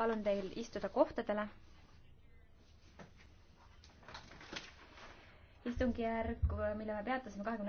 palun teil istuda kohtadele. istungijärg, mille me peatasime kahekümne 20...